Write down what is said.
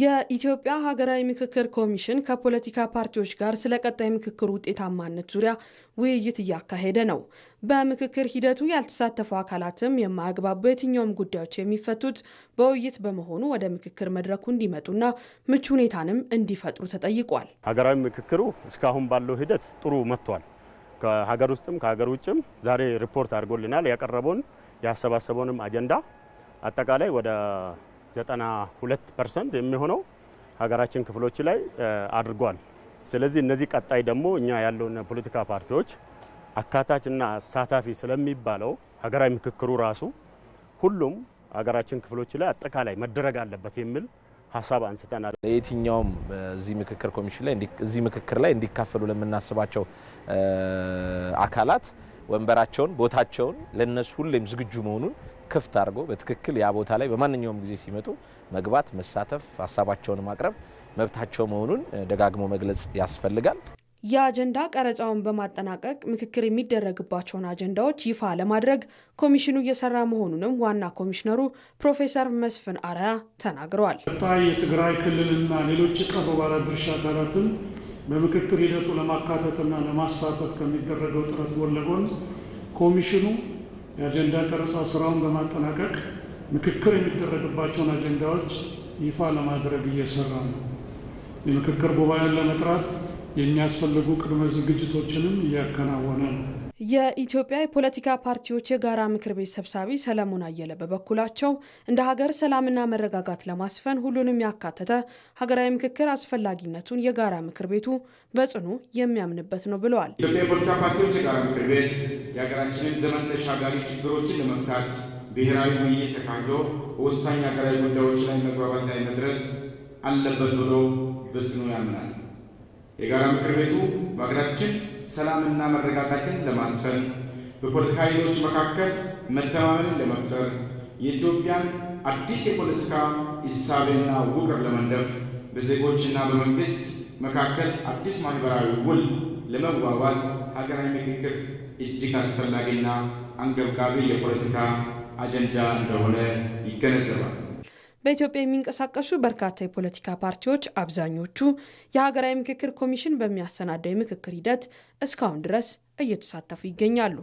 የኢትዮጵያ ሀገራዊ ምክክር ኮሚሽን ከፖለቲካ ፓርቲዎች ጋር ስለ ቀጣይ ምክክር ውጤታማነት ዙሪያ ውይይት እያካሄደ ነው። በምክክር ሂደቱ ያልተሳተፉ አካላትም የማያግባቡ የትኛውም ጉዳዮች የሚፈቱት በውይይት በመሆኑ ወደ ምክክር መድረኩ እንዲመጡና ምቹ ሁኔታንም እንዲፈጥሩ ተጠይቋል። ሀገራዊ ምክክሩ እስካሁን ባለው ሂደት ጥሩ መጥቷል። ከሀገር ውስጥም ከሀገር ውጭም ዛሬ ሪፖርት አድርጎልናል። ያቀረበውን ያሰባሰበውንም አጀንዳ አጠቃላይ ወደ 92 ፐርሰንት የሚሆነው ሀገራችን ክፍሎች ላይ አድርጓል። ስለዚህ እነዚህ ቀጣይ ደግሞ እኛ ያለውን ፖለቲካ ፓርቲዎች አካታችና አሳታፊ ስለሚባለው ሀገራዊ ምክክሩ ራሱ ሁሉም ሀገራችን ክፍሎች ላይ አጠቃላይ መደረግ አለበት የሚል ሀሳብ አንስተናል። የትኛውም እዚህ ምክክር ኮሚሽን ላይ እዚህ ምክክር ላይ እንዲካፈሉ ለምናስባቸው አካላት ወንበራቸውን፣ ቦታቸውን ለነሱ ሁሌም ዝግጁ መሆኑን ክፍት አድርጎ በትክክል ያ ቦታ ላይ በማንኛውም ጊዜ ሲመጡ መግባት፣ መሳተፍ፣ ሀሳባቸውን ማቅረብ መብታቸው መሆኑን ደጋግሞ መግለጽ ያስፈልጋል። የአጀንዳ ቀረጻውን በማጠናቀቅ ምክክር የሚደረግባቸውን አጀንዳዎች ይፋ ለማድረግ ኮሚሽኑ እየሰራ መሆኑንም ዋና ኮሚሽነሩ ፕሮፌሰር መስፍን አርአያ ተናግረዋል። ቀጣይ የትግራይ ክልልና ሌሎች የቀሩ ባለድርሻ አካላትን በምክክር ሂደቱ ለማካተትና ለማሳተፍ ከሚደረገው ጥረት ጎን ለጎን ኮሚሽኑ የአጀንዳ ቀረጻ ስራውን በማጠናቀቅ ምክክር የሚደረግባቸውን አጀንዳዎች ይፋ ለማድረግ እየሰራ ነው። የምክክር ጉባኤን ለመጥራት የሚያስፈልጉ ቅድመ ዝግጅቶችንም እያከናወነ ነው። የኢትዮጵያ የፖለቲካ ፓርቲዎች የጋራ ምክር ቤት ሰብሳቢ ሰለሞን አየለ በበኩላቸው እንደ ሀገር ሰላምና መረጋጋት ለማስፈን ሁሉንም ያካተተ ሀገራዊ ምክክር አስፈላጊነቱን የጋራ ምክር ቤቱ በጽኑ የሚያምንበት ነው ብለዋል። ኢትዮጵያ የፖለቲካ ፓርቲዎች የጋራ ምክር ቤት የሀገራችንን ዘመን ተሻጋሪ ችግሮችን ለመፍታት ብሔራዊ ውይይት ተካሂዶ በወሳኝ ሀገራዊ ጉዳዮች ላይ መግባባት ላይ መድረስ አለበት ብሎ በጽኑ ያምናል። የጋራ ምክር ቤቱ በሀገራችን ሰላምና መረጋጋትን ለማስፈን በፖለቲካ ኃይሎች መካከል መተማመንን ለመፍጠር የኢትዮጵያን አዲስ የፖለቲካ እሳቤና ውቅር ለመንደፍ በዜጎችና በመንግስት መካከል አዲስ ማህበራዊ ውል ለመዋዋል ሀገራዊ ምክክር እጅግ አስፈላጊና አንገብጋቢ የፖለቲካ አጀንዳ እንደሆነ ይገነዘባል። በኢትዮጵያ የሚንቀሳቀሱ በርካታ የፖለቲካ ፓርቲዎች አብዛኞቹ የሀገራዊ ምክክር ኮሚሽን በሚያሰናዳው የምክክር ሂደት እስካሁን ድረስ እየተሳተፉ ይገኛሉ።